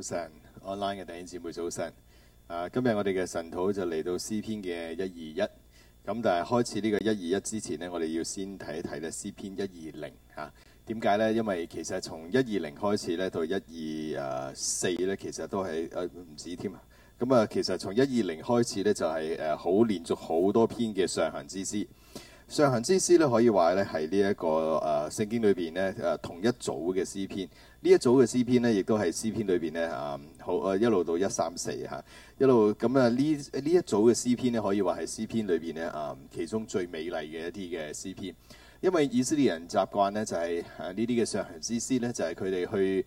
早晨，online 嘅弟兄姊妹早晨。啊，今日我哋嘅晨禱就嚟到詩篇嘅一二一。咁但係開始呢個一二一之前呢，我哋要先睇一睇咧詩篇一二零嚇。點解呢？因為其實從一二零開始咧到一二誒四咧，其實都係誒唔止添啊。咁啊，其實從一二零開始咧就係誒好連續好多篇嘅上行之詩。上行之詩咧可以話咧係呢一個誒聖經裏邊咧誒同一組嘅詩篇，呢一組嘅詩篇咧亦都係詩篇裏邊咧啊好誒一路到一三四嚇，一路咁啊呢呢一組嘅詩篇咧可以話係詩篇裏邊咧啊其中最美麗嘅一啲嘅詩篇。因為以色列人習慣呢，就係誒呢啲嘅上行之詩呢，就係佢哋去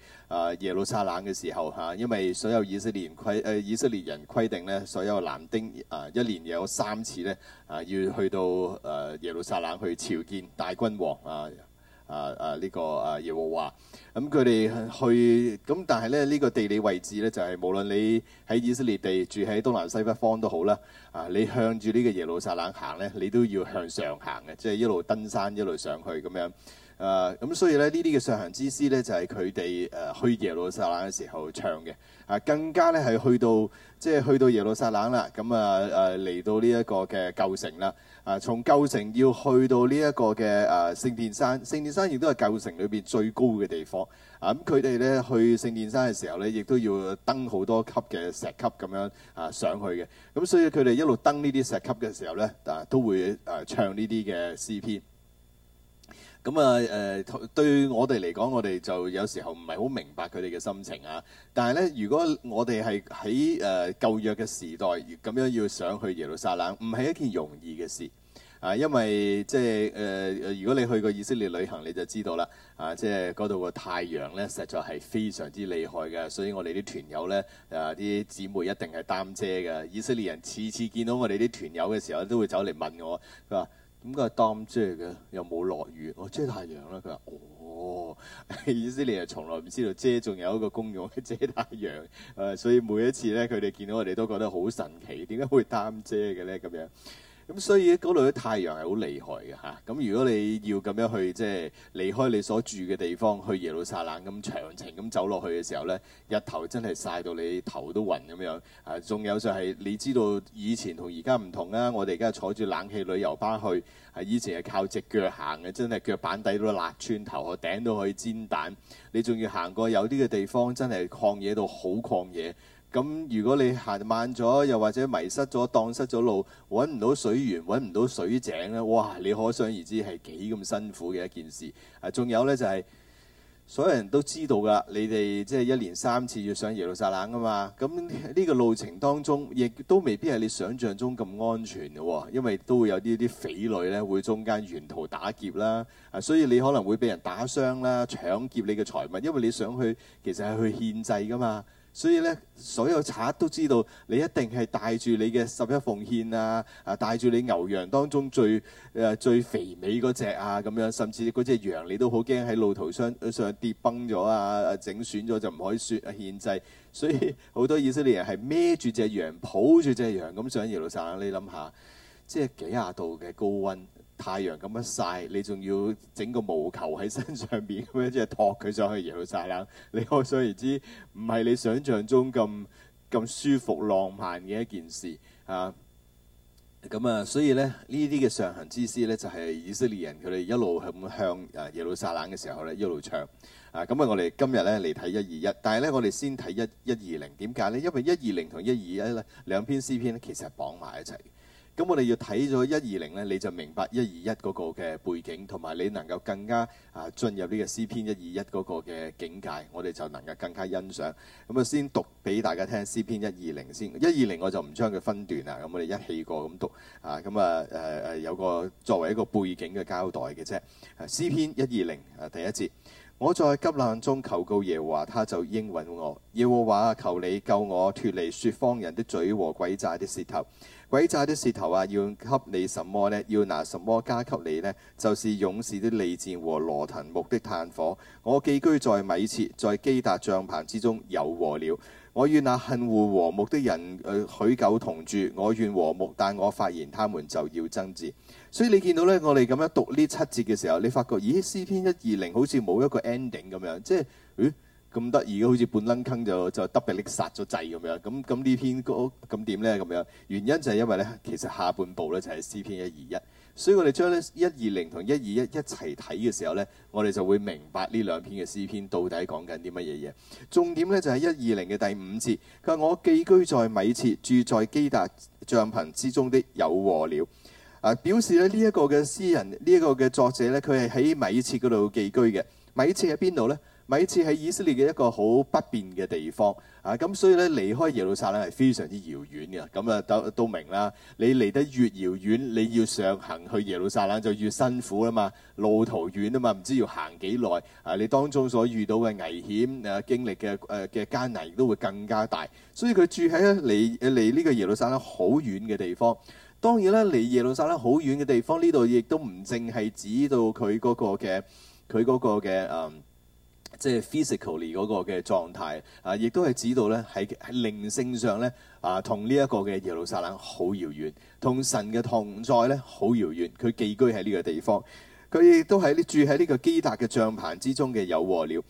耶路撒冷嘅時候嚇、啊，因為所有以色列人規誒、啊、以色列人規定呢，所有男丁誒、啊、一年有三次呢，誒、啊、要去到、啊、耶路撒冷去朝見大君王啊。啊啊！呢、啊呢個啊耶和華，咁佢哋去咁、啊，但係咧呢、呢個地理位置咧，就係、是、無論你喺以色列地住喺東南西北方都好啦，啊！你向住呢個耶路撒冷行咧，你都要向上行嘅，即、就、係、是、一路登山一路上去咁樣。啊，咁、啊、所以咧呢啲嘅上行之詩咧，就係佢哋誒去耶路撒冷嘅時候唱嘅。啊，更加咧係去到。即係去到耶路撒冷啦，咁啊誒嚟到呢一個嘅舊城啦，啊從舊城、啊、城要去到呢一個嘅誒聖殿山，聖殿山亦都係舊城裏邊最高嘅地方，啊咁佢哋咧去聖殿山嘅時候咧，亦都要登好多級嘅石級咁樣啊上去嘅，咁、啊、所以佢哋一路登呢啲石級嘅時候咧，啊都會誒唱呢啲嘅詩篇。咁啊誒對我哋嚟講，我哋就有時候唔係好明白佢哋嘅心情啊。但係咧，如果我哋係喺誒舊約嘅時代，咁樣要想去耶路撒冷，唔係一件容易嘅事啊。因為即係誒、呃，如果你去過以色列旅行，你就知道啦。啊，即係嗰度個太陽咧，實在係非常之厲害嘅。所以我哋啲團友咧，啊啲姊妹一定係擔遮嘅。以色列人次次見到我哋啲團友嘅時候，都會走嚟問我，佢話。咁佢係擔遮嘅，又冇落雨，我、哦、遮太陽啦。佢話：哦，意思你係從來唔知道遮仲有一個功用係遮太陽。誒，所以每一次咧，佢哋見到我哋都覺得好神奇，點解會擔遮嘅咧？咁樣。咁、嗯、所以嗰度啲太陽係好厲害嘅吓。咁、啊、如果你要咁樣去即係離開你所住嘅地方，去耶路撒冷咁長程咁走落去嘅時候咧，日頭真係曬到你頭都暈咁樣。啊，仲有就係你知道以前同而家唔同啊，我哋而家坐住冷氣旅遊巴去，係、啊、以前係靠隻腳行嘅，真係腳板底都辣穿頭，頭，頂到去煎蛋。你仲要行過有啲嘅地方，真係曠野到好曠野。咁如果你行慢咗，又或者迷失咗、蕩失咗路，揾唔到水源、揾唔到水井咧，哇！你可想而知係幾咁辛苦嘅一件事。啊，仲有呢，就係、是、所有人都知道噶，你哋即係一年三次要上耶路撒冷噶嘛。咁、啊、呢、這個路程當中，亦都未必係你想象中咁安全嘅，啊、因為都會有呢啲匪類呢，會中間沿途打劫啦。啊，所以你可能會俾人打傷啦、搶劫你嘅財物，因為你想去，其實係去獻祭噶嘛。所以咧，所有賊都知道你一定係帶住你嘅十一奉獻啊，啊帶住你牛羊當中最誒最肥美嗰隻啊，咁樣甚至嗰隻羊你都好驚喺路途上上跌崩咗啊，整損咗就唔可以説啊獻祭。所以好多以色列人係孭住隻羊，抱住隻羊咁上耶路撒冷，你諗下，即係幾廿度嘅高溫。太陽咁樣曬，你仲要整個毛球喺身上邊咁樣，即係托佢上去耶路撒冷。你可想而知，唔係你想象中咁咁舒服浪漫嘅一件事啊。咁啊，所以咧呢啲嘅上行之詩呢，就係以色列人佢哋一路咁向誒耶路撒冷嘅時候呢，一路唱啊。咁啊，我哋今日咧嚟睇一二一，但係呢，我哋先睇一一二零，點解呢？因為一二零同一二一呢兩篇詩篇咧，其實係綁埋一齊。咁我哋要睇咗一二零呢，你就明白一二一嗰個嘅背景，同埋你能夠更加啊進入呢個詩篇一二一嗰個嘅境界，我哋就能夠更加欣賞。咁啊，先讀俾大家聽詩篇一二零先。一二零我就唔將佢分段喇，咁我哋一氣過咁讀。啊，咁啊誒誒有個作為一個背景嘅交代嘅啫。詩篇一二零啊，第一節。我在急難中求告耶和華，他就應允我。耶和華啊，求你救我脫離說謊人的嘴和詭詐的舌頭。詭詐的舌頭啊，要給你什麼呢？要拿什麼加給你呢？就是勇士的利箭和羅騰木的炭火。我寄居在米設，在基達帳棚之中有禍了。我與那恨惡和睦的人誒許、呃、久同住，我願和睦，但我發現他們就要爭戰。所以你見到呢，我哋咁樣讀呢七節嘅時候，你發覺，咦？詩篇一二零好似冇一個 ending 咁樣，即係，嗯，咁得意，好似半愣坑就就 d e 殺咗掣咁樣。咁咁呢篇歌咁點呢？咁樣原因就係因為呢，其實下半部呢就係詩篇一二一。所以我哋將呢一二零同一二一一齊睇嘅時候呢，我哋就會明白呢兩篇嘅詩篇到底講緊啲乜嘢嘢。重點呢就係一二零嘅第五節，佢話我寄居在米設，住在基達帳棚之中的有禍了。啊！表示咧呢一、這個嘅詩人，呢、這、一個嘅作者呢，佢係喺米設嗰度寄居嘅。米設喺邊度呢？米設喺以色列嘅一個好不便嘅地方。啊！咁、啊、所以呢，離開耶路撒冷係非常之遙遠嘅。咁啊都都明啦。你嚟得越遙遠，你要上行去耶路撒冷就越辛苦啦嘛。路途遠啊嘛，唔知要行幾耐。啊！你當中所遇到嘅危險、誒、啊、經歷嘅誒嘅艱難，亦都會更加大。所以佢住喺離誒離呢、啊、個耶路撒冷好遠嘅地方。當然啦，離耶路撒冷好遠嘅地方，呢度亦都唔淨係指到佢嗰個嘅佢嗰個嘅誒，即係 physically 嗰個嘅狀態啊，亦都係指到咧喺係靈性上咧啊，同呢一個嘅耶路撒冷好遙遠，同神嘅同在咧好遙遠，佢寄居喺呢個地方。佢亦都喺呢住喺呢個基達嘅帳篷之中嘅有禍了，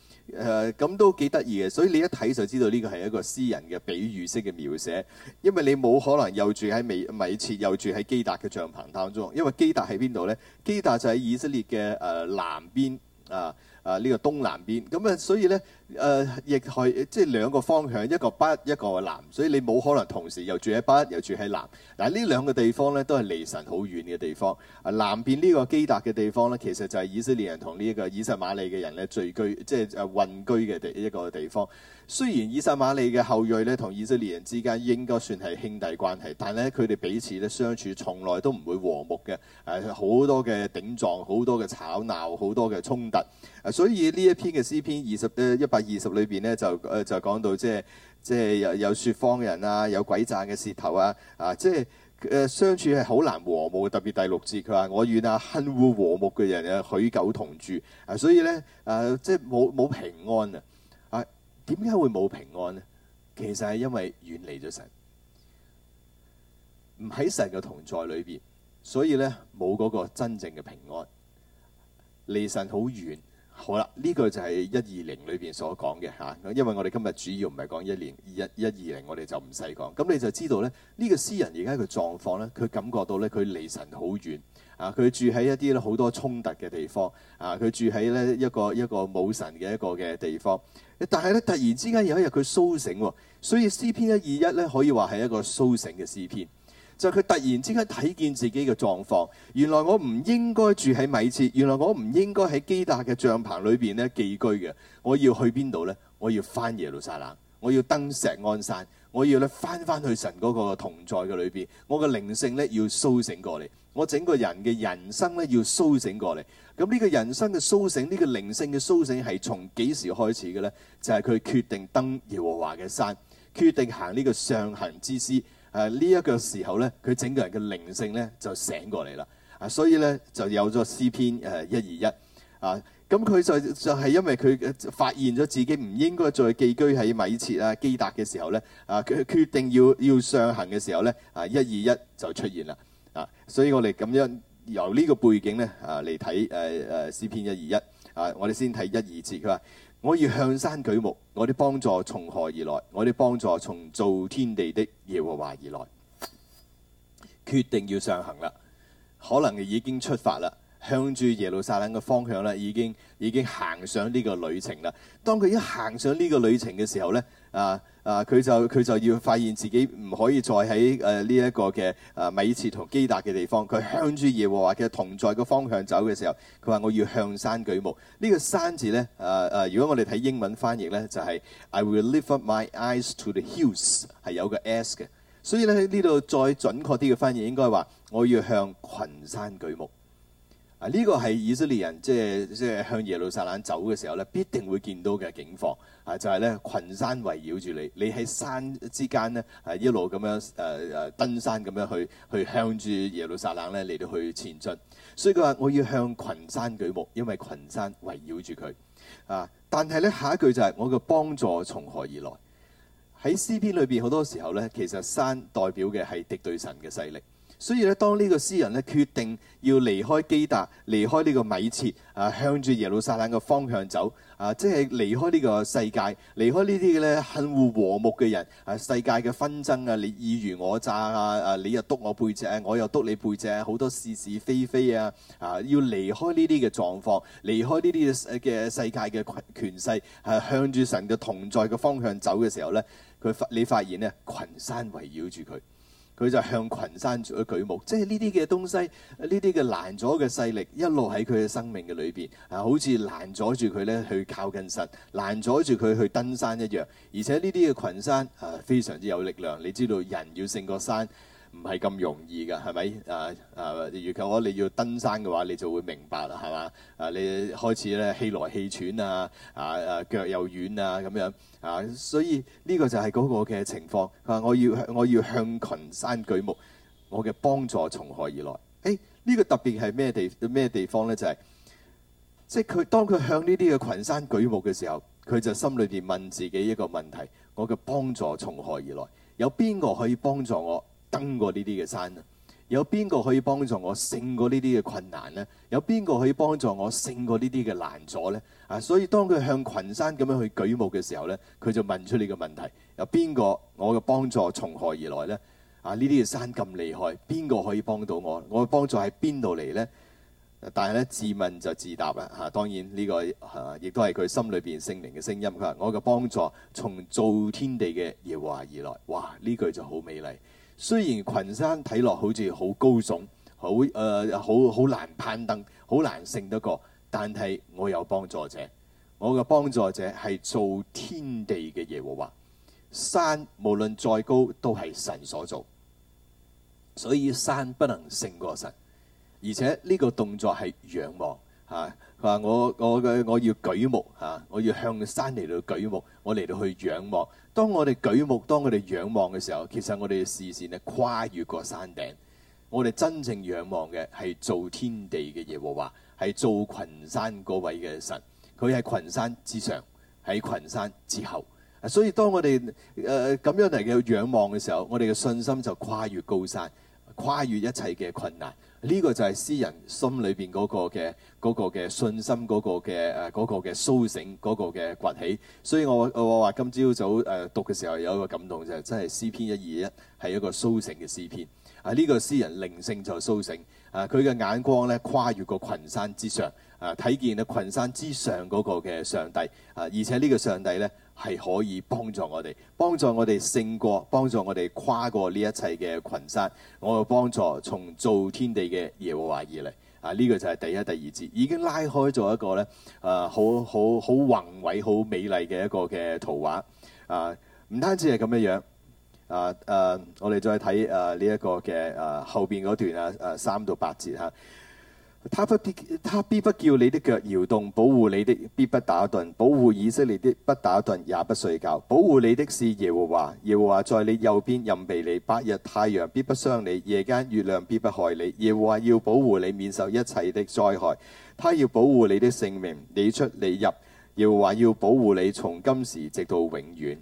誒咁都幾得意嘅。所以你一睇就知道呢個係一個詩人嘅比喻式嘅描寫，因為你冇可能又住喺美米設，又住喺基達嘅帳篷當中。因為基達喺邊度咧？基達就喺以色列嘅誒南邊啊，啊呢個東南邊。咁啊，所以咧。誒，亦係即係兩個方向，一個北一個南，所以你冇可能同時又住喺北又住喺南。嗱，呢兩個地方咧都係離神好遠嘅地方。啊，南邊呢個基達嘅地方咧，其實就係以色列人同呢一個以撒瑪利嘅人咧聚居，即係誒混居嘅地一個地方。雖然以撒瑪利嘅後裔咧同以色列人之間應該算係兄弟關係，但係咧佢哋彼此咧相處從來都唔會和睦嘅，誒、呃、好多嘅頂撞，好多嘅吵鬧，好多嘅衝突。誒、呃，所以呢一篇嘅詩篇二十一百。20, uh, 120, 二十裏邊咧，就誒，就講到即係即係，有有說謊人啊，有詭詐嘅舌頭啊啊，即係誒，相處係好難和睦，特別第六節，佢話我與啊恨惡和睦嘅人啊許久同住啊，所以咧誒、啊、即係冇冇平安啊，啊點解會冇平安咧？其實係因為遠離咗神，唔喺神嘅同在裏邊，所以咧冇嗰個真正嘅平安，離神好遠。好啦，呢、這個就係一二零裏邊所講嘅嚇，因為我哋今日主要唔係講一年一一二零，我哋就唔使講。咁你就知道咧，這個、呢個詩人而家嘅狀況呢，佢感覺到呢，佢離神好遠啊！佢住喺一啲咧好多衝突嘅地方啊！佢住喺呢一個一個冇神嘅一個嘅地方。但係呢，突然之間有一日佢甦醒喎，所以詩篇一二一呢，可以話係一個甦醒嘅詩篇。就佢突然之間睇見自己嘅狀況，原來我唔應該住喺米切，原來我唔應該喺基達嘅帳棚裏邊咧寄居嘅，我要去邊度呢？我要返耶路撒冷，我要登錫安山，我要咧返返去神嗰個同在嘅裏邊，我嘅靈性呢，要甦醒過嚟，我整個人嘅人生呢，要甦醒過嚟。咁呢個人生嘅甦醒，呢個靈性嘅甦醒係從幾時開始嘅呢？就係佢決定登耶和華嘅山，決定行呢個上行之詩。誒呢一個時候咧，佢整個人嘅靈性咧就醒過嚟啦。啊，所以咧就有咗詩篇誒一二一啊。咁佢就就係因為佢發現咗自己唔應該再寄居喺米設啊基達嘅時候咧，啊佢決定要要上行嘅時候咧，啊一二一就出現啦。啊，所以我哋咁樣由呢個背景咧啊嚟睇誒誒詩篇一二一啊，我哋先睇一二節，佢話。我要向山舉目，我的幫助從何而來？我的幫助從造天地的耶和華而來。決定要上行啦，可能已經出發啦，向住耶路撒冷嘅方向啦，已經已經行上呢個旅程啦。當佢一行上呢個旅程嘅時候呢。啊！啊！佢就佢就要發現自己唔可以再喺誒呢一個嘅誒、啊、米切同基達嘅地方。佢向住耶和華嘅同在嘅方向走嘅時候，佢話：我要向山舉目。呢、這個山字咧，誒、啊、誒、啊，如果我哋睇英文翻譯咧，就係、是、I will lift up my eyes to the hills，係有個 s 嘅。所以咧，喺呢度再準確啲嘅翻譯應該係話：我要向群山舉目。啊！呢、這個係以色列人即係即係向耶路撒冷走嘅時候咧，必定會見到嘅景況啊！就係咧羣山，圍繞住你，你喺山之間咧，係一路咁樣誒誒、呃呃、登山咁樣去去向住耶路撒冷咧嚟到去前進。所以佢話：我要向群山舉目，因為群山圍繞住佢啊！但係呢，下一句就係我嘅幫助從何而來？喺詩篇裏邊好多時候呢，其實山代表嘅係敵對神嘅勢力。所以咧，當個詩呢個詩人咧決定要離開基達、離開呢個米設啊，向住耶路撒冷嘅方向走啊，即係離開呢個世界、離開呢啲嘅咧恨惡和睦嘅人啊，世界嘅紛爭啊，你意如我詐啊，誒你又督我背脊，我又督你背脊，好多是是非非啊啊！要離開呢啲嘅狀況，離開呢啲嘅世界嘅權勢，係、啊、向住神嘅同在嘅方向走嘅時候咧，佢你發現咧羣山圍繞住佢。佢就向群山做舉目，即係呢啲嘅東西，呢啲嘅攔阻嘅勢力，一路喺佢嘅生命嘅裏邊啊，好似攔阻住佢咧去靠近神，攔阻住佢去登山一樣。而且呢啲嘅群山啊，非常之有力量。你知道人要勝過山，唔係咁容易㗎，係咪？誒誒，如果我你要登山嘅話，你就會明白啦，係嘛？誒、uh，你開始咧氣來氣喘啊，啊誒、啊、腳又軟啊，咁樣啊，所以呢個就係嗰個嘅情況。啊，我要我要向群山舉目，我嘅幫助從何而來？誒、欸，呢、呢個特別係咩地咩地方呢？就係、是、即係佢當佢向呢啲嘅群山舉目嘅時候，佢就心裏邊問自己一個問題：我嘅幫助從何而來？有邊個可以幫助我？登過呢啲嘅山啊，有邊個可以幫助我勝過呢啲嘅困難咧？有邊個可以幫助我勝過呢啲嘅難阻呢？啊，所以當佢向群山咁樣去舉目嘅時候呢，佢就問出嚟嘅問題：「有邊個？我嘅幫助從何而來呢？啊，呢啲嘅山咁厲害，邊個可以幫到我？我嘅幫助喺邊度嚟呢？」但係咧，自問就自答啦嚇、啊。當然呢、呢個亦都係佢心裏邊聖靈嘅聲音。佢話：我嘅幫助從造天地嘅耶華而來。哇！呢句就好美麗。雖然群山睇落好似好高聳，好誒好好難攀登，好難勝得過，但係我有幫助者，我嘅幫助者係造天地嘅耶和華。山無論再高都係神所造，所以山不能勝過神。而且呢個動作係仰望嚇，佢、啊、話我我嘅我要舉目嚇、啊，我要向山嚟到舉目，我嚟到去仰望。當我哋舉目，當我哋仰望嘅時候，其實我哋嘅視線係跨越過山頂，我哋真正仰望嘅係造天地嘅耶和華，係造群山嗰位嘅神，佢喺群山之上，喺群山之後。所以當我哋誒咁樣嚟嘅仰望嘅時候，我哋嘅信心就跨越高山，跨越一切嘅困難。呢個就係詩人心裏邊嗰個嘅嗰個嘅信心，嗰個嘅誒嗰個嘅甦醒，嗰個嘅崛起，所以我我話今朝早誒讀嘅時候有一個感動，就係真係詩篇一二一係一個甦醒嘅詩篇。啊呢個詩人靈性就係甦醒啊，佢嘅眼光呢跨越過群山之上。啊！睇見啊，羣山之上嗰個嘅上帝啊，而且呢個上帝呢係可以幫助我哋，幫助我哋勝過，幫助我哋跨過呢一切嘅群山。我嘅幫助從造天地嘅耶和華而嚟啊！呢、這個就係第一、第二節，已經拉開咗一個呢啊，好好好宏偉、好美麗嘅一個嘅圖畫啊！唔單止係咁樣樣啊！誒、啊，我哋再睇誒呢一個嘅誒、啊、後邊嗰段啊誒三到八節嚇。啊他不必，他必不叫你的腳搖動，保護你的必不打盹，保護以色列的不打盹也不睡覺。保護你的是耶和神，耶和話在你右邊任庇你。白日太陽必不傷你，夜間月亮必不害你。耶和話要保護你免受一切的災害。他要保護你的性命，你出你入，耶和話要保護你從今時直到永遠。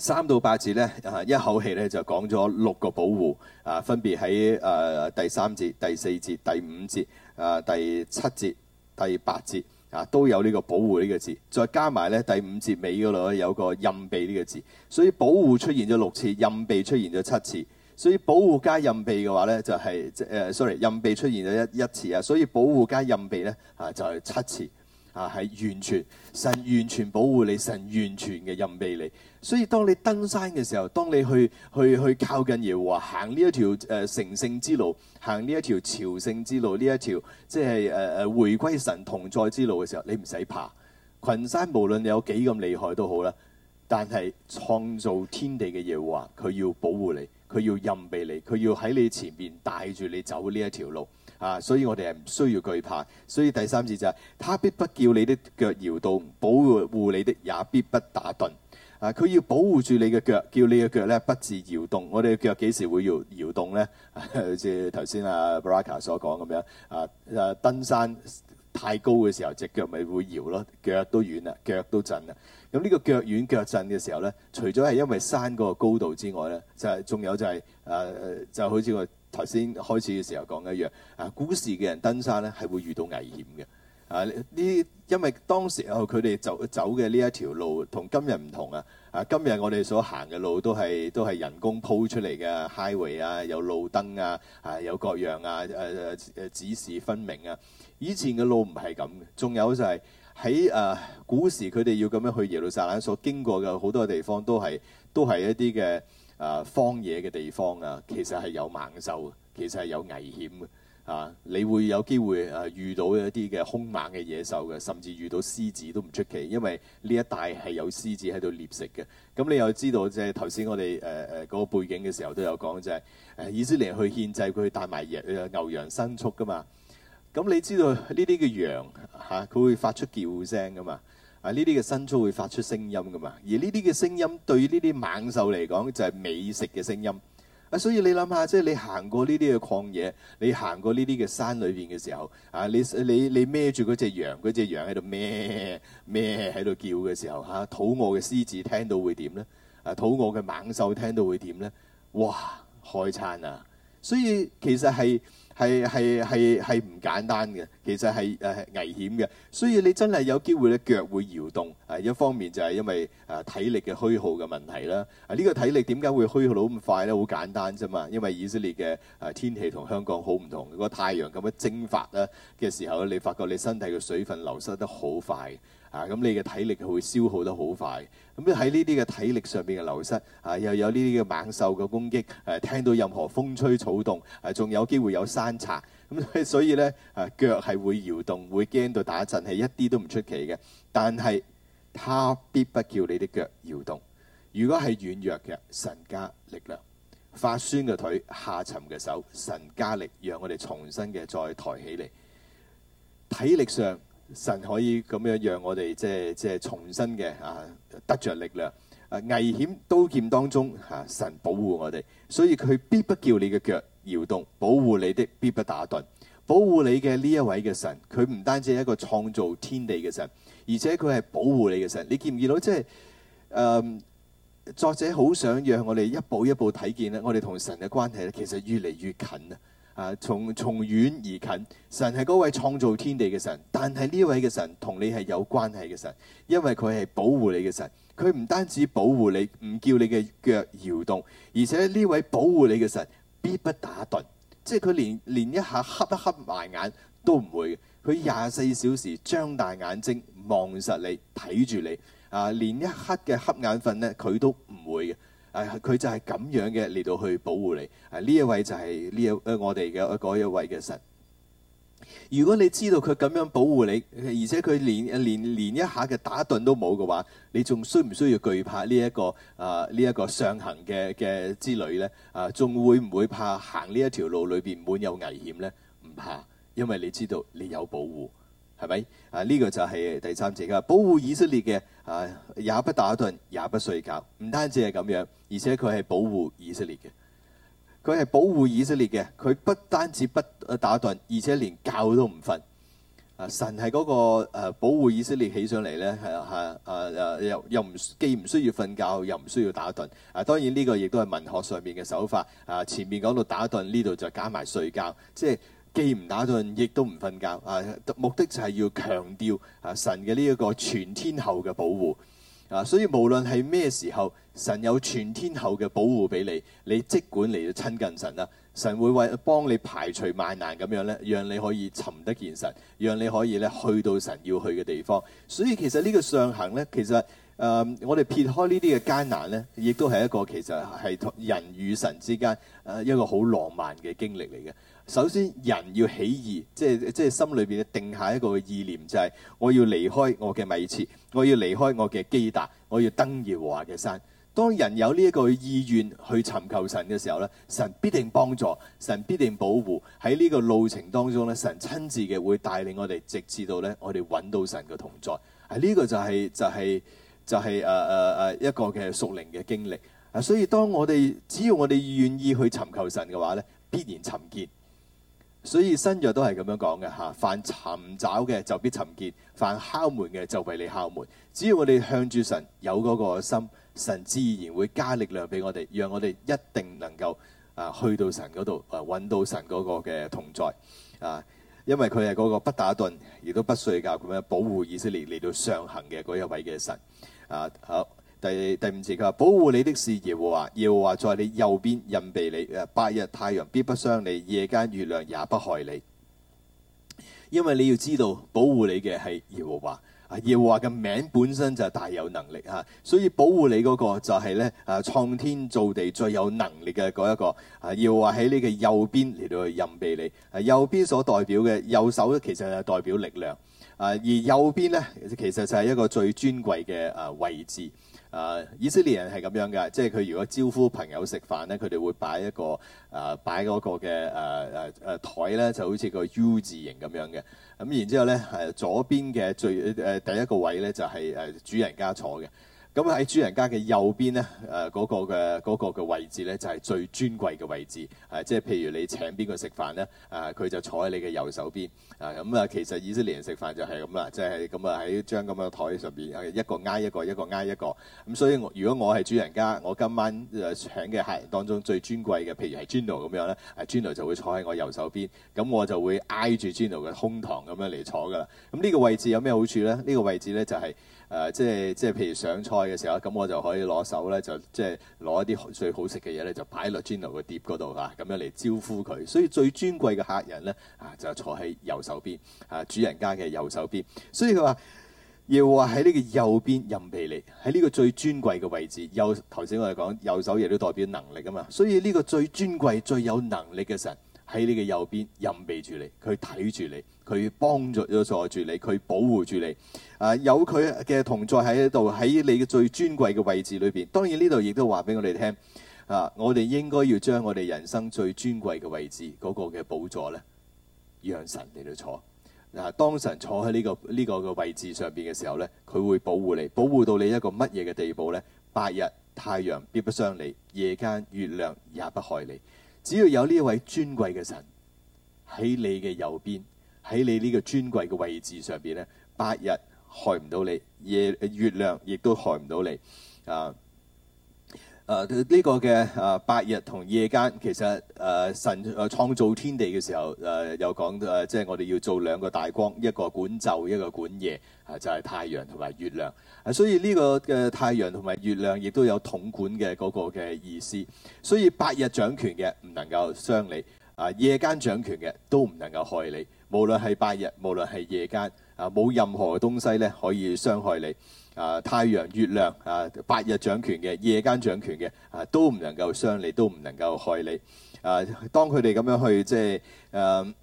三到八節咧，啊，一口氣咧就講咗六個保護，啊，分別喺誒、呃、第三節、第四節、第五節、啊第七節、第八節，啊都有呢個保護呢個字，再加埋咧第五節尾嗰度咧有個蔭庇呢個字，所以保護出現咗六次，蔭庇出現咗七次，所以保護加蔭庇嘅話咧就係即係呃，sorry，蔭庇出現咗一一次啊，所以保護加蔭庇咧啊就係七次。係、啊、完全神完全保護你，神完全嘅任俾你。所以當你登山嘅時候，當你去去去靠近耶和華，行呢一條誒、呃、成聖之路，行呢一條朝聖之路，呢一條即係誒誒回歸神同在之路嘅時候，你唔使怕群山，無論你有幾咁厲害都好啦。但係創造天地嘅耶和華，佢要保護你。佢要任備你，佢要喺你前面帶住你走呢一條路啊，所以我哋係唔需要懼怕。所以第三節就係、是，他必不叫你的腳搖動，保護護你的也必不打盹啊！佢要保護住你嘅腳，叫你嘅腳咧不至搖動。我哋嘅腳幾時會搖搖動咧？好似頭先啊布拉卡所講咁樣啊，啊登山太高嘅時候，隻腳咪會搖咯，腳都軟啦，腳都震啦。咁呢個腳軟腳震嘅時候咧，除咗係因為山嗰個高度之外咧，就係仲有就係、是、誒、呃，就好似我頭先開始嘅時候講嘅一樣。啊，古時嘅人登山咧係會遇到危險嘅。啊，呢因為當時佢哋走走嘅呢一條路同今日唔同啊。啊，今日我哋所行嘅路都係都係人工鋪出嚟嘅 highway 啊，有路燈啊，啊有各樣啊，誒、啊、誒指示分明啊。以前嘅路唔係咁嘅。仲有就係、是。喺誒古時，佢哋要咁樣去耶路撒冷所經過嘅好多地方都，都係都係一啲嘅誒荒野嘅地方啊。其實係有猛獸，其實係有危險嘅啊！你會有機會誒遇到一啲嘅兇猛嘅野獸嘅，甚至遇到獅子都唔出奇，因為呢一帶係有獅子喺度獵食嘅。咁你又知道即係頭先我哋誒誒嗰個背景嘅時候都有講，就係、是、誒、啊、以色列去獻祭，佢帶埋牛羊牲畜㗎嘛。咁你知道呢啲嘅羊嚇，佢會發出叫聲㗎嘛？啊，呢啲嘅牲畜會發出聲音㗎嘛？而呢啲嘅聲音對呢啲猛獸嚟講就係美食嘅聲音。啊，所以你諗下，即係你行過呢啲嘅曠野，你行過呢啲嘅山裏邊嘅時候，啊，你你你孭住嗰隻羊，嗰隻羊喺度咩咩喺度叫嘅時候，嚇，肚餓嘅獅子聽到會點咧？啊，肚餓嘅猛獸聽到會點咧？哇，開餐啊！所以其實係。係係係係唔簡單嘅，其實係誒危險嘅，所以你真係有機會咧，腳會搖動。誒一方面就係因為誒體力嘅虛耗嘅問題啦。啊、這、呢個體力點解會虛耗到咁快咧？好簡單啫嘛，因為以色列嘅誒天氣同香港好唔同，如果太陽咁樣蒸發啦嘅時候咧，你發覺你身體嘅水分流失得好快。啊，咁你嘅體力係會消耗得好快。咁喺呢啲嘅體力上面嘅流失，啊又有呢啲嘅猛獸嘅攻擊，誒、啊、聽到任何風吹草動，誒、啊、仲有機會有山茶。咁、啊、所以呢，啊腳係會搖動，會驚到打震，係，一啲都唔出奇嘅。但係他必不叫你的腳搖動。如果係軟弱嘅，神加力量；發酸嘅腿，下沉嘅手，神加力，讓我哋重新嘅再抬起嚟。體力上。神可以咁樣讓我哋即係即係重新嘅啊，得着力量，危險刀劍當中啊，神保護我哋，所以佢必不叫你嘅腳搖動，保護你的必不打盹。保護你嘅呢一位嘅神，佢唔單止係一個創造天地嘅神，而且佢係保護你嘅神。你見唔見到？即係、嗯、作者好想讓我哋一步一步睇見咧，我哋同神嘅關係其實越嚟越近啊！啊！從從遠而近，神係嗰位創造天地嘅神，但係呢位嘅神同你係有關係嘅神，因為佢係保護你嘅神。佢唔單止保護你，唔叫你嘅腳搖動，而且呢位保護你嘅神必不打盹，即係佢連連一下黑一黑埋眼都唔會嘅。佢廿四小時張大眼睛望實你睇住你，啊，連一刻嘅瞌眼瞓呢，佢都唔會嘅。誒佢、啊、就係咁樣嘅嚟到去保護你。誒、啊、呢一位就係呢一誒、呃、我哋嘅嗰一位嘅神。如果你知道佢咁樣保護你，而且佢連連連一下嘅打頓都冇嘅話，你仲需唔需要懼怕呢一個啊呢一、呢個上行嘅嘅之旅咧？啊，仲會唔會怕行呢一條路裏邊滿有危險咧？唔怕，因為你知道你有保護。係咪？啊，呢個就係第三者啦。保護以色列嘅啊，也不打盹，也不睡覺。唔單止係咁樣，而且佢係保護以色列嘅。佢係保護以色列嘅。佢不單止不打盹，而且連覺都唔瞓。啊，神係嗰個誒保護以色列起上嚟咧，係係誒誒又又唔既唔需要瞓覺，又唔需要打盹。啊，當然呢個亦都係文學上面嘅手法。啊，前面講到打盹，呢度就加埋睡覺，即係。既唔打盹，亦都唔瞓覺。啊，目的就係要強調啊神嘅呢一個全天候嘅保護。啊，所以無論係咩時候，神有全天候嘅保護俾你，你即管嚟到親近神啦。神會為幫你排除萬難咁樣咧，讓你可以尋得見神，讓你可以咧去到神要去嘅地方。所以其實呢個上行咧，其實誒、呃，我哋撇開呢啲嘅艱難咧，亦都係一個其實係人與神之間誒一個好浪漫嘅經歷嚟嘅。首先，人要起意，即係即係心裏邊定下一個意念，就係、是、我要離開我嘅米切，我要離開我嘅基達，我要登耶和華嘅山。當人有呢一個意願去尋求神嘅時候咧，神必定幫助，神必定保護喺呢個路程當中咧，神親自嘅會帶領我哋直至到咧我哋揾到神嘅同在啊！呢、這個就係、是、就係、是、就係誒誒誒一個嘅屬靈嘅經歷啊！所以當我哋只要我哋願意去尋求神嘅話咧，必然尋見。所以新約都係咁樣講嘅嚇，凡尋找嘅就必尋見，凡敲門嘅就為你敲門。只要我哋向住神有嗰個心，神自然會加力量俾我哋，讓我哋一定能夠啊去到神嗰度啊搵到神嗰個嘅同在啊，因為佢係嗰個不打盹亦都不睡覺咁樣保護以色列嚟到上行嘅嗰一位嘅神啊，好。第第五節佢話：保護你的是耶和華。耶和華在你右邊任備你。誒，白日太陽必不傷你，夜間月亮也不害你。因為你要知道，保護你嘅係耶和華。啊，耶和華嘅名本身就大有能力啊。所以保護你嗰個就係咧誒，創天造地最有能力嘅嗰一個。啊，耶和華喺你嘅右邊嚟到去任備你。啊，右邊所代表嘅右手其實係代表力量。啊，而右邊咧其實就係一個最尊貴嘅啊位置。啊！Uh, 以色列人係咁樣嘅，即係佢如果招呼朋友食飯咧，佢哋會擺一個啊，擺、呃、嗰個嘅誒誒誒枱咧，就好似個 U 字形咁樣嘅。咁、嗯、然之後咧，係、呃、左邊嘅最誒、呃、第一個位咧，就係、是、誒、呃、主人家坐嘅。咁喺主人家嘅右邊呢，誒、呃、嗰、那個嘅嗰嘅位置呢，就係、是、最尊貴嘅位置，誒、啊、即係譬如你請邊個食飯呢，誒、啊、佢就坐喺你嘅右手邊，啊咁啊、嗯、其實以色列人食飯就係咁啦，即係咁啊喺張咁嘅台上邊，一個挨一個，一個挨一個，咁、嗯、所以如果我係主人家，我今晚誒請嘅客人當中最尊貴嘅，譬如係 Juno 咁樣呢阿、啊、Juno 就會坐喺我右手邊，咁、嗯、我就會挨住 Juno 嘅胸膛咁樣嚟坐㗎啦。咁、嗯、呢、嗯這個位置有咩好處呢？呢、這個位置呢，就係、是。就是誒、呃、即係即係，譬如上菜嘅時候，咁我就可以攞手咧，就即係攞一啲最好食嘅嘢咧，就擺落專奴嘅碟嗰度嚇，咁、啊、樣嚟招呼佢。所以最尊貴嘅客人咧，啊就坐喺右手邊啊，主人家嘅右手邊。所以佢話要話喺呢個右邊任其嚟，喺呢個最尊貴嘅位置。右頭先我哋講右手亦都代表能力啊嘛。所以呢個最尊貴最有能力嘅神。喺你嘅右邊，蔭庇住你，佢睇住你，佢幫助咗助住你，佢保護住你。啊，有佢嘅同在喺度，喺你嘅最尊貴嘅位置裏邊。當然呢度亦都話俾我哋聽，啊，我哋應該要將我哋人生最尊貴嘅位置嗰、那個嘅寶座呢。讓神嚟到坐。嗱、啊，當神坐喺呢、這個呢、這個嘅位置上邊嘅時候呢，佢會保護你，保護到你一個乜嘢嘅地步呢？白日太陽必不傷你，夜間月亮也不害你。只要有呢位尊貴嘅神喺你嘅右邊，喺你呢個尊貴嘅位置上邊咧，白日害唔到你，夜月亮亦都害唔到你，啊！誒呢、呃這個嘅誒、呃、白日同夜間，其實誒、呃、神誒、呃、創造天地嘅時候誒、呃，又講到、呃，即係我哋要做兩個大光，一個管晝，一個管夜，係、呃、就係、是、太陽同埋月亮。係、啊、所以呢個嘅太陽同埋月亮，亦都有統管嘅嗰個嘅意思。所以白日掌權嘅唔能夠傷你，啊、呃，夜間掌權嘅都唔能夠害你。無論係白日，無論係夜間，啊，冇任何東西咧可以傷害你。啊，太陽、月亮啊，白日掌權嘅，夜間掌權嘅啊，都唔能夠傷你，都唔能夠害你啊。當佢哋咁樣去即係誒、啊、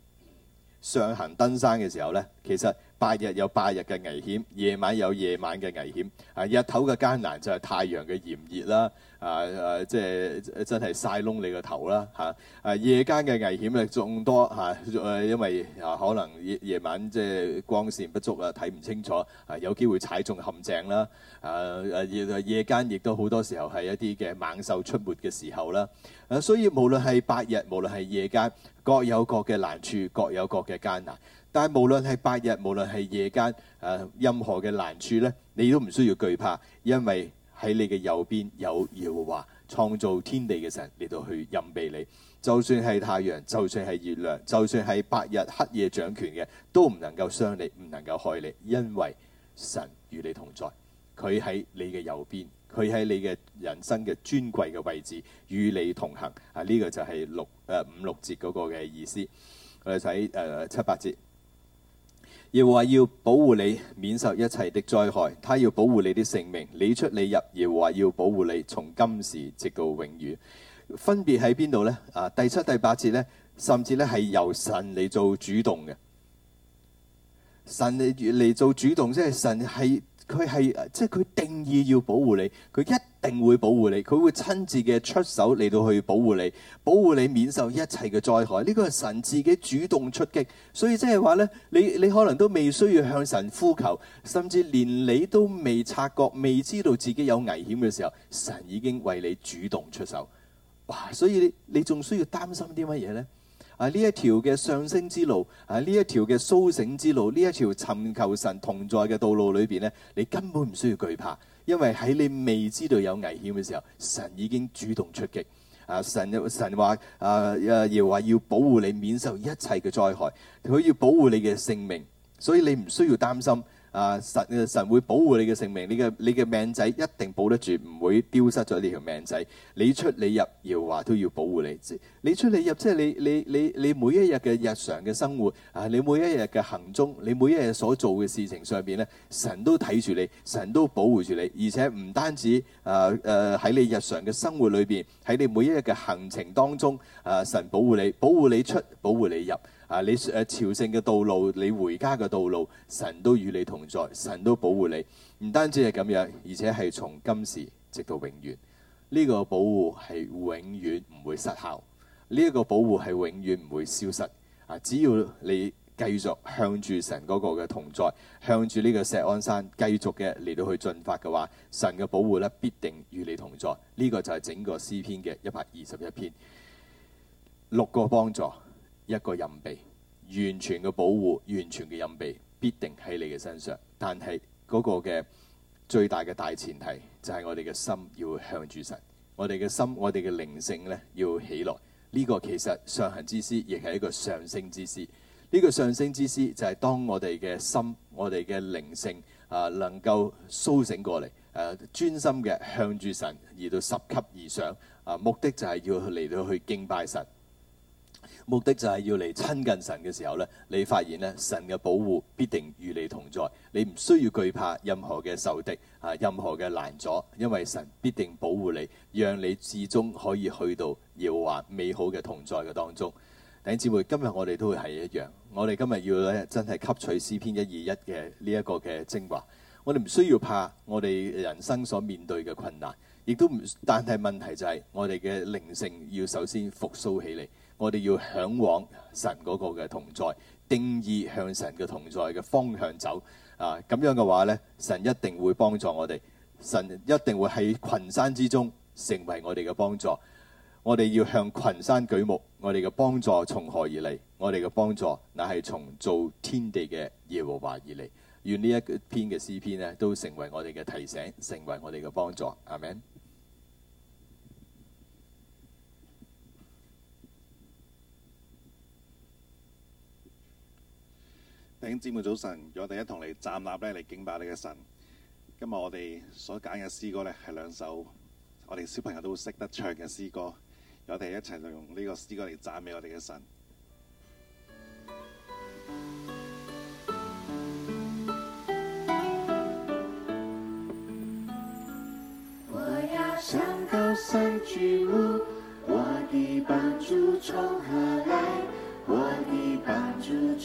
上行登山嘅時候咧，其實。白日有白日嘅危險，夜晚有夜晚嘅危險。啊，日頭嘅艱難就係太陽嘅炎熱啦。啊啊，即係真係曬燶你個頭啦嚇、啊。啊，夜間嘅危險咧，眾多嚇、啊，因為、啊、可能夜，夜晚即係光線不足啊，睇唔清楚啊，有機會踩中陷阱啦。啊啊，夜，夜間亦都好多時候係一啲嘅猛獸出沒嘅時候啦。啊，所以無論係白日，無論係夜間，各有各嘅難處，各有各嘅艱難。但係，無論係白日，無論係夜間，誒、呃，任何嘅難處呢，你都唔需要懼怕，因為喺你嘅右邊有耶和華創造天地嘅神嚟到去蔭庇你。就算係太陽，就算係月亮，就算係白日黑夜掌權嘅，都唔能夠傷你，唔能夠害你，因為神與你同在，佢喺你嘅右邊，佢喺你嘅人生嘅尊貴嘅位置與你同行。啊，呢、這個就係六誒、呃、五六節嗰個嘅意思。我哋睇誒七八節。耶和華要保護你免受一切的災害，他要保護你的性命，你出你入，耶和華要保護你從今時直到永遠。分別喺邊度呢？啊，第七第八節呢，甚至呢係由神嚟做主動嘅，神嚟嚟做主動，即係神係。佢係即係佢定義要保護你，佢一定會保護你，佢會親自嘅出手嚟到去保護你，保護你免受一切嘅災害。呢個係神自己主動出擊，所以即係話呢，你你可能都未需要向神呼求，甚至連你都未察覺、未知道自己有危險嘅時候，神已經為你主動出手。哇！所以你你仲需要擔心啲乜嘢呢？啊！呢一條嘅上升之路，啊！呢一條嘅蘇醒之路，呢一條尋求神同在嘅道路裏邊咧，你根本唔需要懼怕，因為喺你未知道有危險嘅時候，神已經主動出擊。啊！神神話啊！誒，亦話要保護你免受一切嘅災害，佢要保護你嘅性命，所以你唔需要擔心。啊、神神會保護你嘅性命，你嘅你嘅命仔一定保得住，唔會丟失咗你條命仔。你出你入，耶和華都要保護你。你出你入，即係你你你你每一日嘅日常嘅生活啊！你每一日嘅行蹤，你每一日所做嘅事情上邊咧，神都睇住你，神都保護住你。而且唔單止啊，誒，喺你日常嘅生活裏邊，喺你每一日嘅行程當中，啊，神保護你，保護你出，保護你入。啊！你誒朝聖嘅道路，你回家嘅道路，神都與你同在，神都保護你。唔單止係咁樣，而且係從今時直到永遠。呢個保護係永遠唔會失效，呢一個保護係永遠唔會消失。啊！只要你繼續向住神嗰個嘅同在，向住呢個錫安山繼續嘅嚟到去進發嘅話，神嘅保護咧必定與你同在。呢個就係整個詩篇嘅一百二十一篇六個幫助。一個隱蔽，完全嘅保護，完全嘅隱蔽，必定喺你嘅身上。但係嗰個嘅最大嘅大前提，就係我哋嘅心要向住神，我哋嘅心、我哋嘅靈性咧要起來。呢、這個其實上行之詩，亦係一個上升之詩。呢、這個上升之詩，就係當我哋嘅心、我哋嘅靈性啊，能夠甦醒過嚟，誒、啊，專心嘅向住神，而到拾級而上啊，目的就係要嚟到去敬拜神。目的就係要你親近神嘅時候呢，你發現咧，神嘅保護必定與你同在，你唔需要懼怕任何嘅仇敵啊，任何嘅難阻，因為神必定保護你，讓你至終可以去到要話美好嘅同在嘅當中。弟兄姊妹，今日我哋都會係一樣，我哋今日要咧，真係吸取詩篇一二一嘅呢一個嘅精華。我哋唔需要怕我哋人生所面對嘅困難，亦都唔但係問題就係、是、我哋嘅靈性要首先要復甦起嚟。我哋要嚮往神嗰個嘅同在，定意向神嘅同在嘅方向走啊！咁樣嘅話咧，神一定會幫助我哋，神一定會喺群山之中成為我哋嘅幫助。我哋要向群山舉目，我哋嘅幫助從何而嚟？我哋嘅幫助乃係從造天地嘅耶和華而嚟。願呢一篇嘅詩篇咧，都成為我哋嘅提醒，成為我哋嘅幫助。係咪？弟兄姊妹早晨，我哋一同嚟站立咧，嚟敬拜你嘅神。今日我哋所揀嘅詩歌咧，係兩首，我哋小朋友都會識得唱嘅詩歌，我哋一齊就用呢個詩歌嚟讚美我哋嘅神。我要向高山舉目，我的幫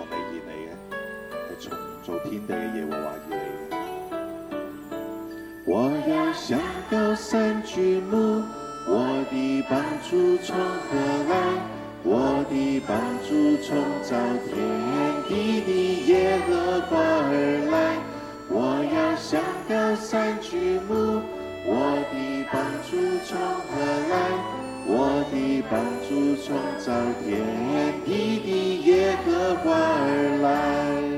我懷疑你嘅，係從造天地嘅耶和華而嚟嘅。我要向高山舉目，我的幫助從何來？我的幫助從造天地的耶和華而來。我要向高山舉目，我的幫助從何來？我的幫助創造天地的耶和華而來。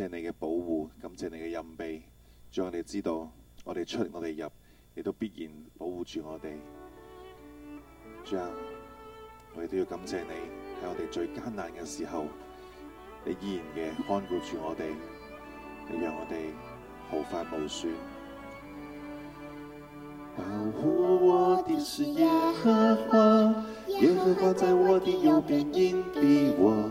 感謝你嘅保護，感謝你嘅隱蔽，讓我哋知道我哋出我哋入，你都必然保護住我哋。主我哋都要感謝你，喺我哋最艱難嘅時候，你依然嘅看顧住我哋，你讓我哋毫髮無損。保護 我的是耶和華，耶和華在我的右邊隱蔽我。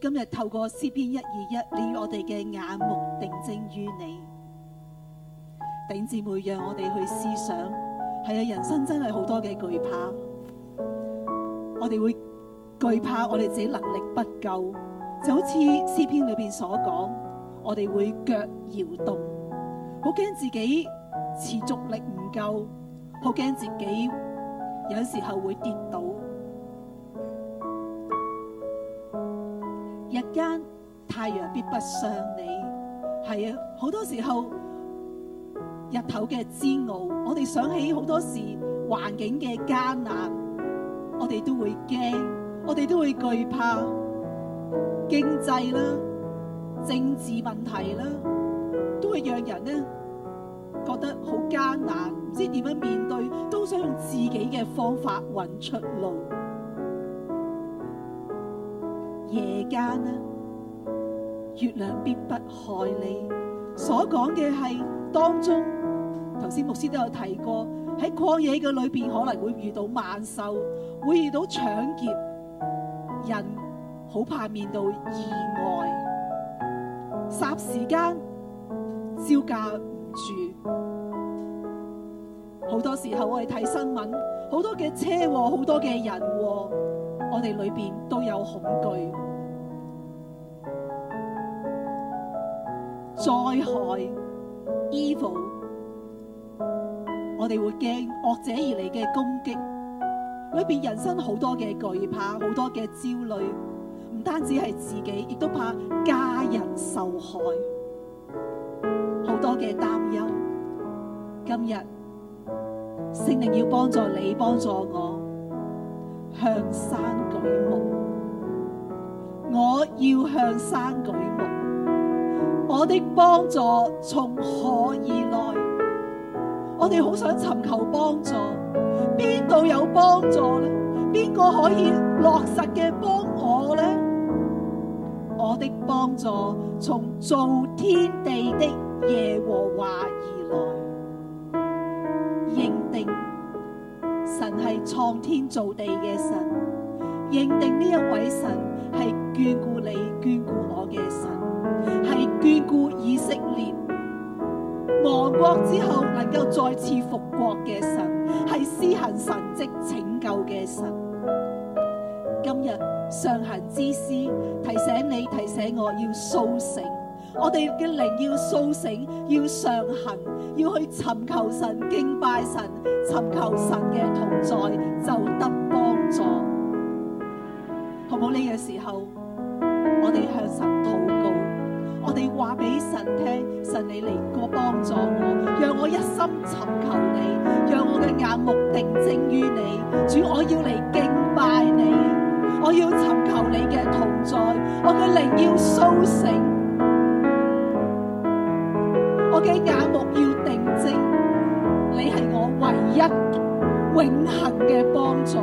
今日透過詩篇一二一，你我哋嘅眼目定睛於你，頂姊妹，讓我哋去思想，係啊，人生真係好多嘅懼怕，我哋會懼怕，我哋自己能力不夠，就好似詩篇裏邊所講，我哋會腳搖動，好驚自己持續力唔夠，好驚自己有時候會跌倒。日間太陽必不傷你，係啊！好多時候日頭嘅煎熬，我哋想起好多時環境嘅艱難，我哋都會驚，我哋都會懼怕經濟啦、政治問題啦，都會讓人呢覺得好艱難，唔知點樣面對，都想用自己嘅方法揾出路。夜間咧，月亮必不害你。所講嘅係當中，頭先牧師都有提過，喺曠野嘅裏邊可能會遇到猛獸，會遇到搶劫，人好怕面對意外，霎時間招架唔住。好多時候我哋睇新聞，好多嘅車禍，好多嘅人禍。我哋裏邊都有恐懼、災害、 evil，我哋會驚惡者而嚟嘅攻擊，裏邊人生好多嘅懼怕，好多嘅焦慮，唔單止係自己，亦都怕家人受害，好多嘅擔憂。今日聖靈要幫助你，幫助我。向山舉目，我要向山舉目我我我。我的幫助從何而來？我哋好想尋求幫助，邊度有幫助咧？邊個可以落實嘅幫我咧？我的幫助從造天地的耶和華而來。神係創天造地嘅神，認定呢一位神係眷顧你、眷顧我嘅神，係眷顧以色列亡國之後能夠再次復國嘅神，係施行神跡拯救嘅神。今日上行之詩提醒你、提醒我要蘇醒，我哋嘅靈要蘇醒，要上行。要去尋求神敬拜神，尋求神嘅同在就得幫助，好唔好？呢、這個時候我哋向神禱告，我哋話俾神聽，神你嚟過幫助我，讓我一心尋求你，讓我嘅眼目定睛於你，主我要嚟敬拜你，我要尋求你嘅同在，我嘅靈要蘇醒，我嘅眼目要。正，你係我唯一永恒嘅幫助。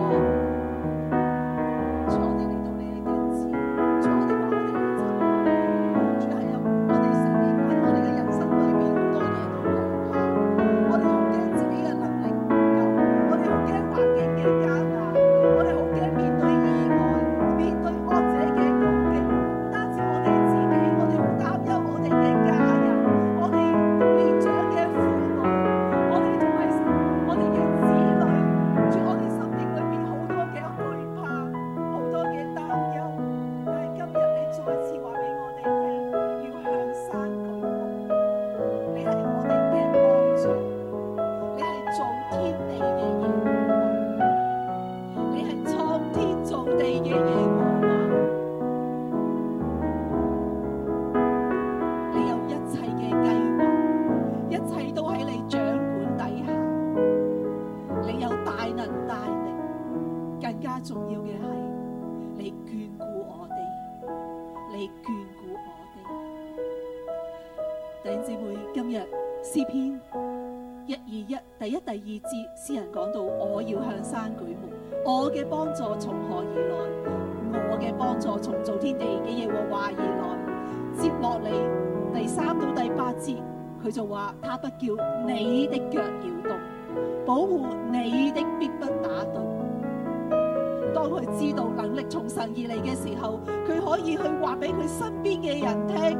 保護你的必不打盹。當佢知道能力從神而嚟嘅時候，佢可以去話俾佢身邊嘅人聽，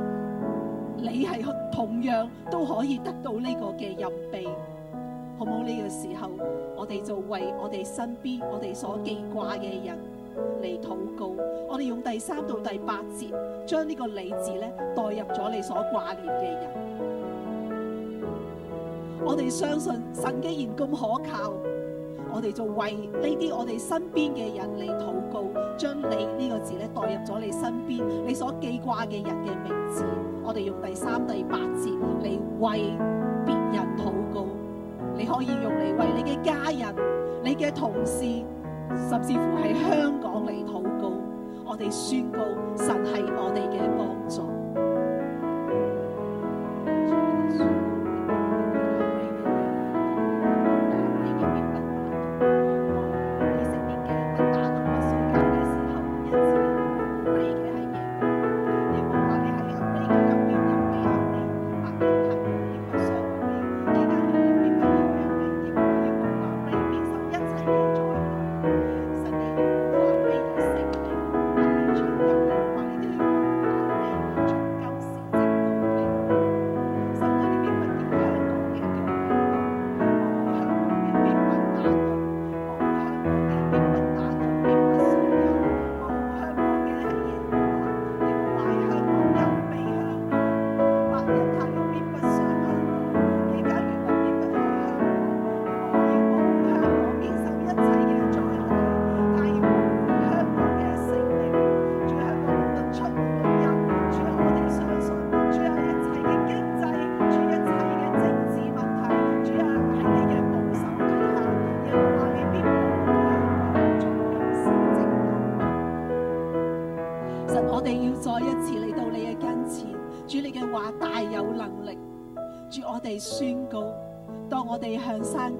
你係同樣都可以得到呢個嘅蔭庇，好冇？呢、這個時候，我哋就為我哋身邊我哋所記掛嘅人嚟禱告。我哋用第三到第八節，將呢個理字咧代入咗你所掛念嘅人。我哋相信神既然咁可靠，我哋就為呢啲我哋身邊嘅人嚟禱告，將你呢個字咧代入咗你身邊，你所記掛嘅人嘅名字，我哋用第三、第八節嚟為別人禱告。你可以用嚟為你嘅家人、你嘅同事，甚至乎喺香港嚟禱告。我哋宣告，神係我哋嘅幫助。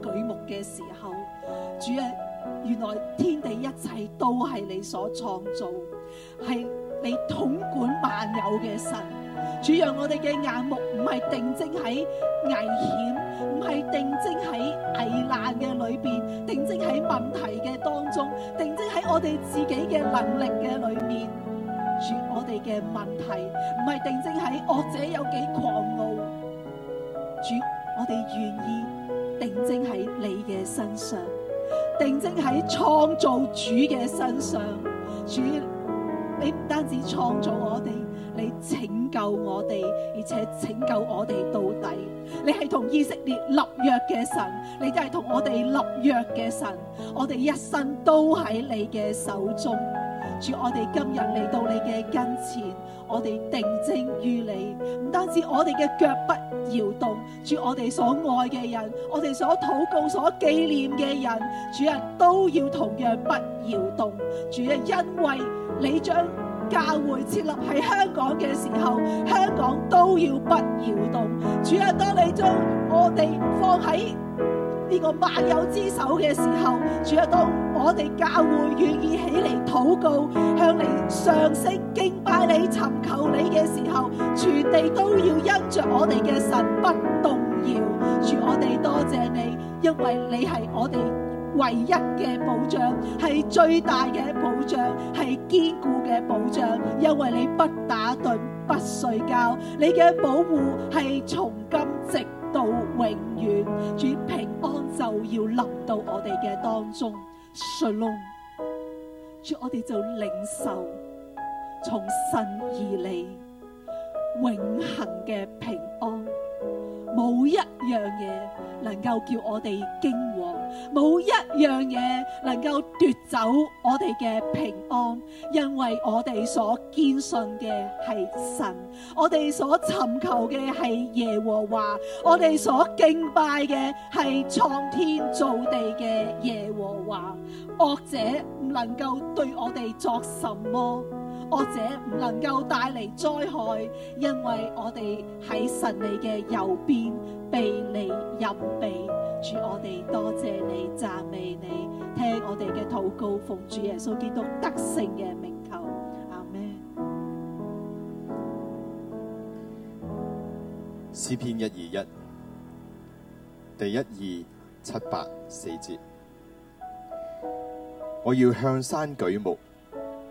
舉目嘅時候，主啊，原來天地一切都係你所創造，係你統管萬有嘅神。主，讓我哋嘅眼目唔係定睛喺危險，唔係定睛喺危難嘅裏邊，定睛喺問題嘅當中，定睛喺我哋自己嘅能力嘅裏面。主，我哋嘅問題唔係定睛喺惡者有幾狂傲。主，我哋願意。定睛喺你嘅身上，定睛喺創造主嘅身上。主，你唔單止創造我哋，你拯救我哋，而且拯救我哋到底。你係同以色列立約嘅神，你都係同我哋立約嘅神。我哋一生都喺你嘅手中。主，我哋今日嚟到你嘅跟前。我哋定睛於你，唔單止我哋嘅腳不搖動，主，我哋所愛嘅人，我哋所禱告、所紀念嘅人，主啊都要同樣不搖動。主啊，因為你將教會設立喺香港嘅時候，香港都要不搖動。主啊，當你將我哋放喺呢個萬有之首嘅時候，主啊，當我哋教會願意起嚟禱告，向你上升敬拜你、尋求你嘅時候，全地都要因着我哋嘅神不動搖。主，我哋多謝你，因為你係我哋唯一嘅保障，係最大嘅保障，係堅固嘅保障，因為你不打盹不睡覺，你嘅保護係從今直到永遠，主平安就要臨到我哋嘅當中，神龍，主，我哋就領受從神而嚟永恆嘅平安，冇一樣嘢。能夠叫我哋驚惶，冇一樣嘢能夠奪走我哋嘅平安，因為我哋所堅信嘅係神，我哋所尋求嘅係耶和華，我哋所敬拜嘅係創天造地嘅耶和華，惡者唔能夠對我哋作什麼。或者唔能夠帶嚟災害，因為我哋喺神你嘅右邊被你任備，主，我哋多謝你讚美你，聽我哋嘅禱告奉主耶穌基督得勝嘅名求，阿門。詩篇一二一，第一二七八四節，我要向山舉目。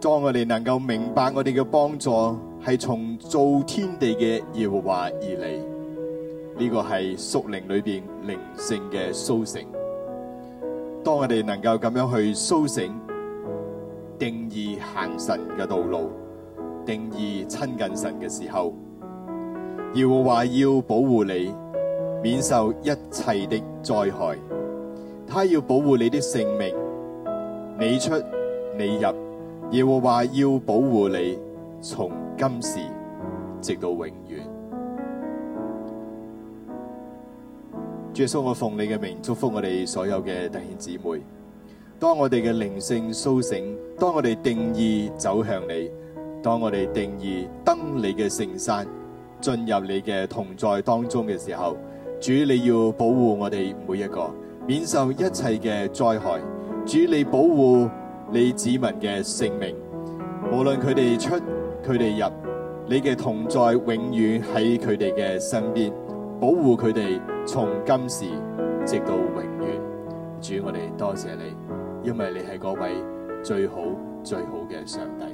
當我哋能夠明白我哋嘅幫助係從造天地嘅耶和華而嚟，呢、這個係屬靈裏邊靈性嘅甦醒。當我哋能夠咁樣去甦醒，定義行神嘅道路，定義親近神嘅時候，耶和華要保護你，免受一切的災害。他要保護你的性命，你出你入。耶和華要保護你，從今時直到永遠。主耶穌，我奉你嘅名祝福我哋所有嘅弟兄姊妹。當我哋嘅靈性蘇醒，當我哋定意走向你，當我哋定意登你嘅聖山，進入你嘅同在當中嘅時候，主你要保護我哋每一個，免受一切嘅災害。主你保護。你子民嘅性命，無論佢哋出佢哋入，你嘅同在永遠喺佢哋嘅身邊，保護佢哋從今時直到永遠。主我哋多謝你，因為你係嗰位最好最好嘅上帝。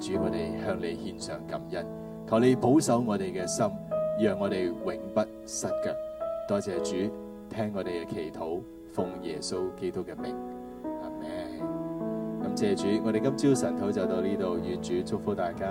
主我哋向你獻上感恩，求你保守我哋嘅心，讓我哋永不失腳。多謝主，聽我哋嘅祈禱，奉耶穌基督嘅名，阿門。謝主，我哋今朝晨禱就到呢度，願主祝福大家。